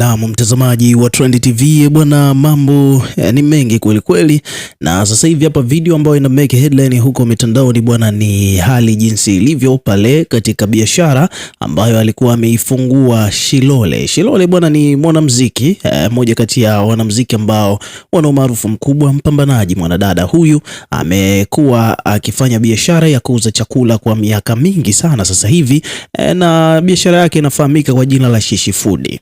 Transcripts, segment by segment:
Naam, mtazamaji wa Trend TV bwana, mambo eh, ni mengi kweli kweli, na sasa hivi hapa video ambayo ina make headline huko mitandaoni bwana, ni hali jinsi ilivyo pale katika biashara ambayo alikuwa ameifungua Shilole. Shilole bwana ni mwanamuziki eh, moja kati ya wanamuziki ambao wana umaarufu mkubwa, mpambanaji. Mwanadada huyu amekuwa akifanya biashara ya kuuza chakula kwa miaka mingi sana sasa hivi, eh, na biashara yake inafahamika kwa jina la Shishi Food.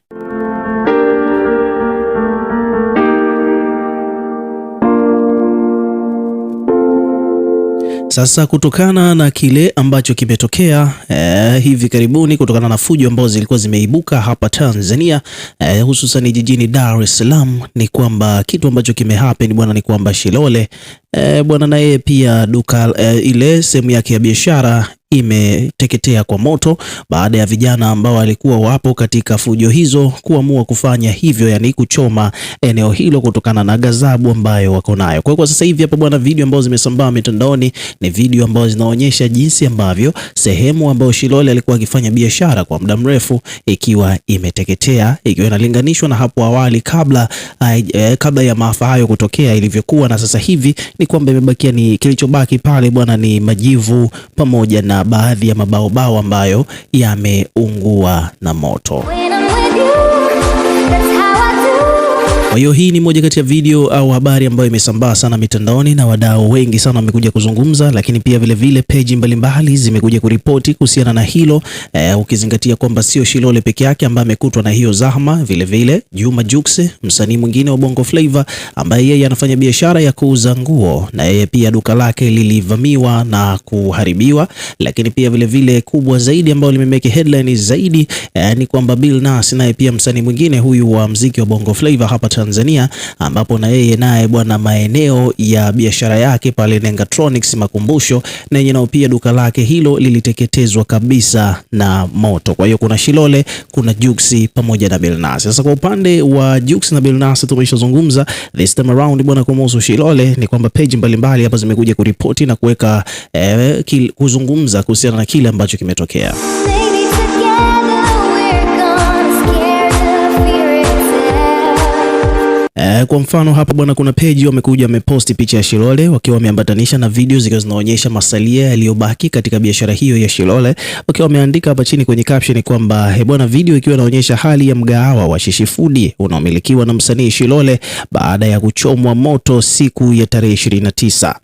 Sasa kutokana na kile ambacho kimetokea eh, hivi karibuni kutokana na fujo ambazo zilikuwa zimeibuka hapa Tanzania eh, hususan jijini Dar es Salaam, ni kwamba kitu ambacho kimehappen bwana, ni kwamba Shilole e, bwana na yeye pia duka e, ile sehemu yake ya biashara imeteketea kwa moto baada ya vijana ambao walikuwa wapo katika fujo hizo kuamua kufanya hivyo, yani kuchoma eneo hilo kutokana na ghadhabu ambayo wako nayo. Kwa hiyo kwa sasa hivi hapa bwana, video ambazo zimesambaa mitandaoni ni video ambazo zinaonyesha jinsi ambavyo sehemu ambayo Shilole alikuwa akifanya biashara kwa muda mrefu ikiwa imeteketea, ikiwa inalinganishwa na hapo awali kabla, eh, eh kabla ya maafa hayo kutokea ilivyokuwa na sasa hivi ni kwamba imebakia ni kilichobaki pale bwana ni majivu pamoja na baadhi ya mabaobao ambayo yameungua na moto. Kwa hiyo hii ni moja kati ya video au habari ambayo imesambaa sana mitandaoni na wadau wengi sana wamekuja kuzungumza, lakini pia vile vile peji mbalimbali zimekuja kuripoti kuhusiana na hilo e, ukizingatia kwamba sio Shilole peke yake ambaye amekutwa na hiyo zahma, vile vile Juma Jux, msanii mwingine wa Bongo Flava ambaye yeye anafanya biashara ya kuuza nguo, na yeye pia duka lake lilivamiwa na kuharibiwa. Lakini pia vile vile kubwa zaidi ambayo limemeke headline zaidi e, ni kwamba Bill Nass naye pia msanii mwingine huyu wa mziki wa Bongo Flava hapa Tanzania Tanzania, ambapo na yeye naye bwana maeneo ya biashara yake pale Nengatronics Makumbusho, na yenye nao pia duka lake hilo liliteketezwa kabisa na moto. Kwa hiyo kuna Shilole, kuna Juksi pamoja na Belnas. Sasa kwa upande wa Juksi na Belnas tumeshazungumza this time around bwana, kuhusu Shilole ni kwamba page mbalimbali hapa zimekuja kuripoti na kuweka eh, kuzungumza kuhusiana na kile ambacho kimetokea. Eh, kwa mfano hapa bwana, kuna page wamekuja wameposti picha ya Shilole wakiwa wameambatanisha na video zikiwa zinaonyesha masalia yaliyobaki katika biashara hiyo ya Shilole, wakiwa wameandika hapa chini kwenye caption kwamba he eh, bwana, video ikiwa inaonyesha hali ya mgahawa wa Shishifudi unaomilikiwa na msanii Shilole baada ya kuchomwa moto siku ya tarehe 29.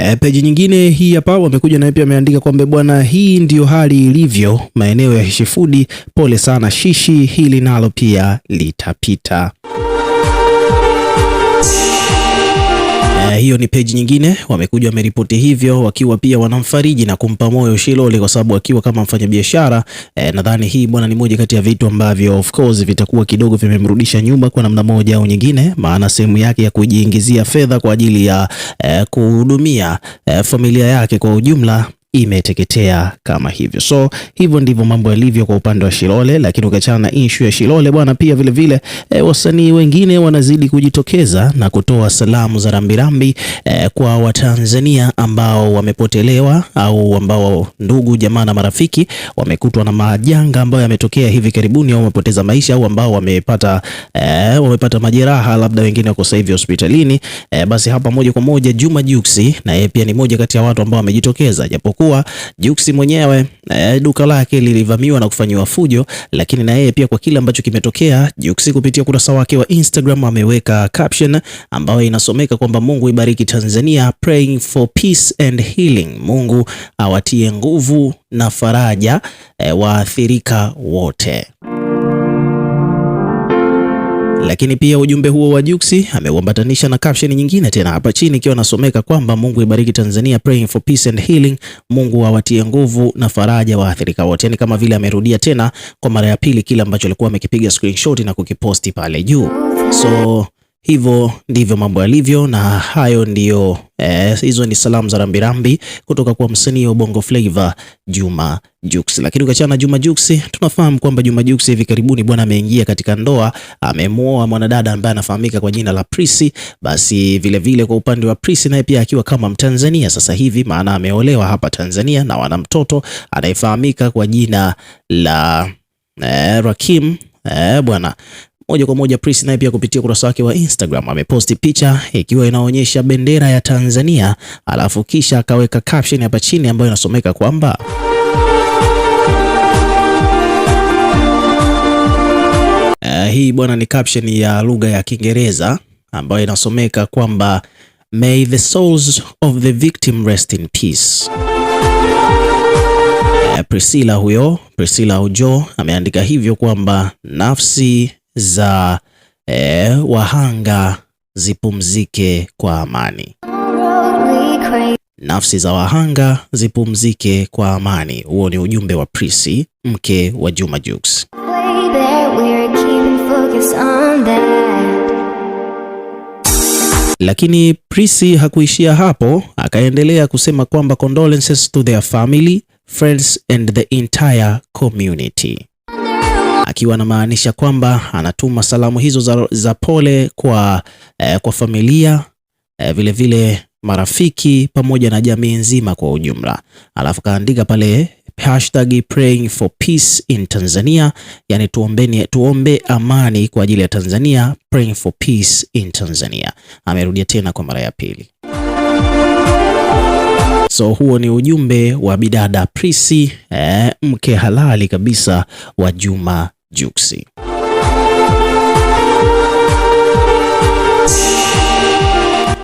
E, peji nyingine hii hapa wamekuja naye pia ameandika kwamba bwana, hii ndiyo hali ilivyo maeneo ya Shishifudi. Pole sana Shishi, hili nalo pia litapita. Eh, hiyo ni page nyingine wamekuja wameripoti hivyo wakiwa pia wanamfariji na kumpa moyo Shilole kwa sababu akiwa kama mfanyabiashara eh, nadhani hii bwana ni moja kati ya vitu ambavyo of course vitakuwa kidogo vimemrudisha nyuma kwa namna moja au nyingine, maana sehemu yake ya kujiingizia fedha kwa ajili ya eh, kuhudumia eh, familia yake kwa ujumla imeteketea kama hivyo. So hivyo ndivyo mambo yalivyo kwa upande wa Shilole, lakini ukiachana na issue ya Shilole bwana, pia vilevile e, eh, wasanii wengine wanazidi kujitokeza na kutoa salamu za rambirambi e, kwa Watanzania ambao wamepotelewa au ambao ndugu jamaa na marafiki wamekutwa na majanga ambayo yametokea hivi karibuni au wamepoteza maisha au ambao wamepata e, wamepata majeraha, labda wengine wako sasa hivi hospitalini. E, basi hapa moja kwa moja Juma Juksi na yeye pia ni moja kati ya watu ambao wamejitokeza japo kuwa Jux mwenyewe eh, duka lake lilivamiwa na kufanyiwa fujo, lakini na yeye pia kwa kile ambacho kimetokea, Jux kupitia ukurasa wake wa Instagram ameweka caption ambayo inasomeka kwamba Mungu ibariki Tanzania, praying for peace and healing. Mungu awatie nguvu na faraja eh, waathirika wote. Lakini pia ujumbe huo wa Juksi ameuambatanisha na caption nyingine tena hapa chini ikiwa nasomeka kwamba Mungu ibariki Tanzania, praying for peace and healing, Mungu awatie nguvu na faraja waathirika wote. Yaani kama vile amerudia tena kwa mara ya pili kile ambacho alikuwa amekipiga screenshot na kukiposti pale juu so Hivyo ndivyo mambo yalivyo, na hayo ndiyo eh, hizo eh, ni salamu za rambirambi kutoka kwa msanii wa Bongo Flava Juma Jux. Lakini ukiachana na Juma Jux, tunafahamu kwamba Juma Jux hivi karibuni bwana ameingia katika ndoa, amemwoa mwanadada ambaye anafahamika kwa jina la Prisi. Basi vile vile kwa upande wa Prisi naye pia akiwa kama Mtanzania sasa hivi, maana ameolewa hapa Tanzania na wana mtoto anayefahamika kwa jina la eh, Rakim. Eh, bwana moja kwa moja Pris naye pia kupitia ukurasa wake wa Instagram ameposti picha ikiwa inaonyesha bendera ya Tanzania, alafu kisha akaweka caption hapa chini ambayo inasomeka kwamba Uh, hii bwana ni caption ya lugha ya Kiingereza ambayo inasomeka kwamba May the souls of the victim rest in peace. Eh, Priscilla huyo Priscilla Ujo ameandika hivyo kwamba nafsi za eh, wahanga zipumzike kwa amani. Nafsi za wahanga zipumzike kwa amani. Huo ni ujumbe wa Prisi, mke wa Juma Jux. Lakini Prisi hakuishia hapo, akaendelea kusema kwamba condolences to their family, friends and the entire community akiwa anamaanisha kwamba anatuma salamu hizo za, za pole kwa, eh, kwa familia eh, vile vile marafiki pamoja na jamii nzima kwa ujumla. Alafu kaandika pale hashtag praying for peace in Tanzania, yani tuombeni, tuombe amani kwa ajili ya Tanzania, praying for peace in Tanzania. Amerudia tena kwa mara ya pili. So huo ni ujumbe wa bidada Prisi, eh, mke halali kabisa wa Juma Juksi.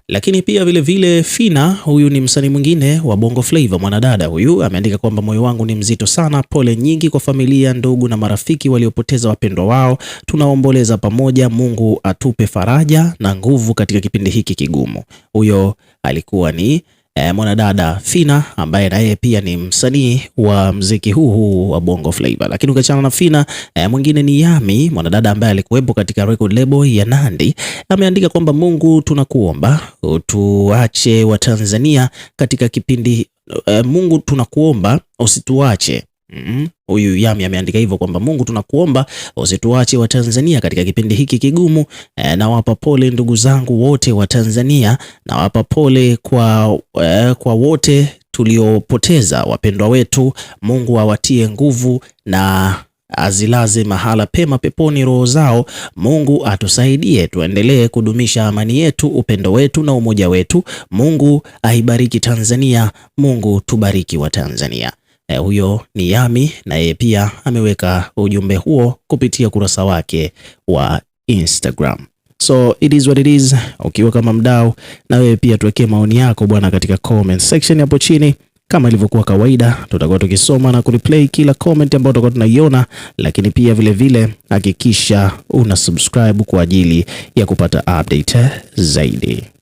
Lakini pia vile vile Fina, huyu ni msanii mwingine wa Bongo Flava, mwanadada huyu ameandika kwamba moyo wangu ni mzito sana, pole nyingi kwa familia, ndugu na marafiki waliopoteza wapendwa wao. Tunaomboleza pamoja, Mungu atupe faraja na nguvu katika kipindi hiki kigumu. Huyo alikuwa ni e, mwanadada Fina ambaye na yeye pia ni msanii wa mziki huu huu wa Bongo Flava. Lakini ukiachana na Fina eh, mwingine ni Yami, mwanadada ambaye alikuwepo katika record label ya nandi ameandika kwamba Mungu tunakuomba utuache Watanzania katika kipindi e, Mungu tunakuomba usituache Mm-hmm. Huyu mm -hmm. Yami ameandika hivyo kwamba Mungu tunakuomba usituache wa Tanzania katika kipindi hiki kigumu. E, nawapa pole ndugu zangu wote wa Tanzania, nawapa pole kwa, e, kwa wote tuliopoteza wapendwa wetu. Mungu awatie wa nguvu na azilaze mahala pema peponi roho zao. Mungu atusaidie tuendelee kudumisha amani yetu, upendo wetu na umoja wetu. Mungu aibariki Tanzania. Mungu tubariki wa Tanzania. E, huyo ni Yami na yeye pia ameweka ujumbe huo kupitia kurasa wake wa Instagram. So it is what it is. Ukiwa kama mdau, na wewe pia tuwekee maoni yako bwana, katika comment section hapo chini. Kama ilivyokuwa kawaida, tutakuwa tukisoma na kureplay kila comment ambayo tutakuwa tunaiona, lakini pia vile vile hakikisha una subscribe kwa ajili ya kupata update zaidi.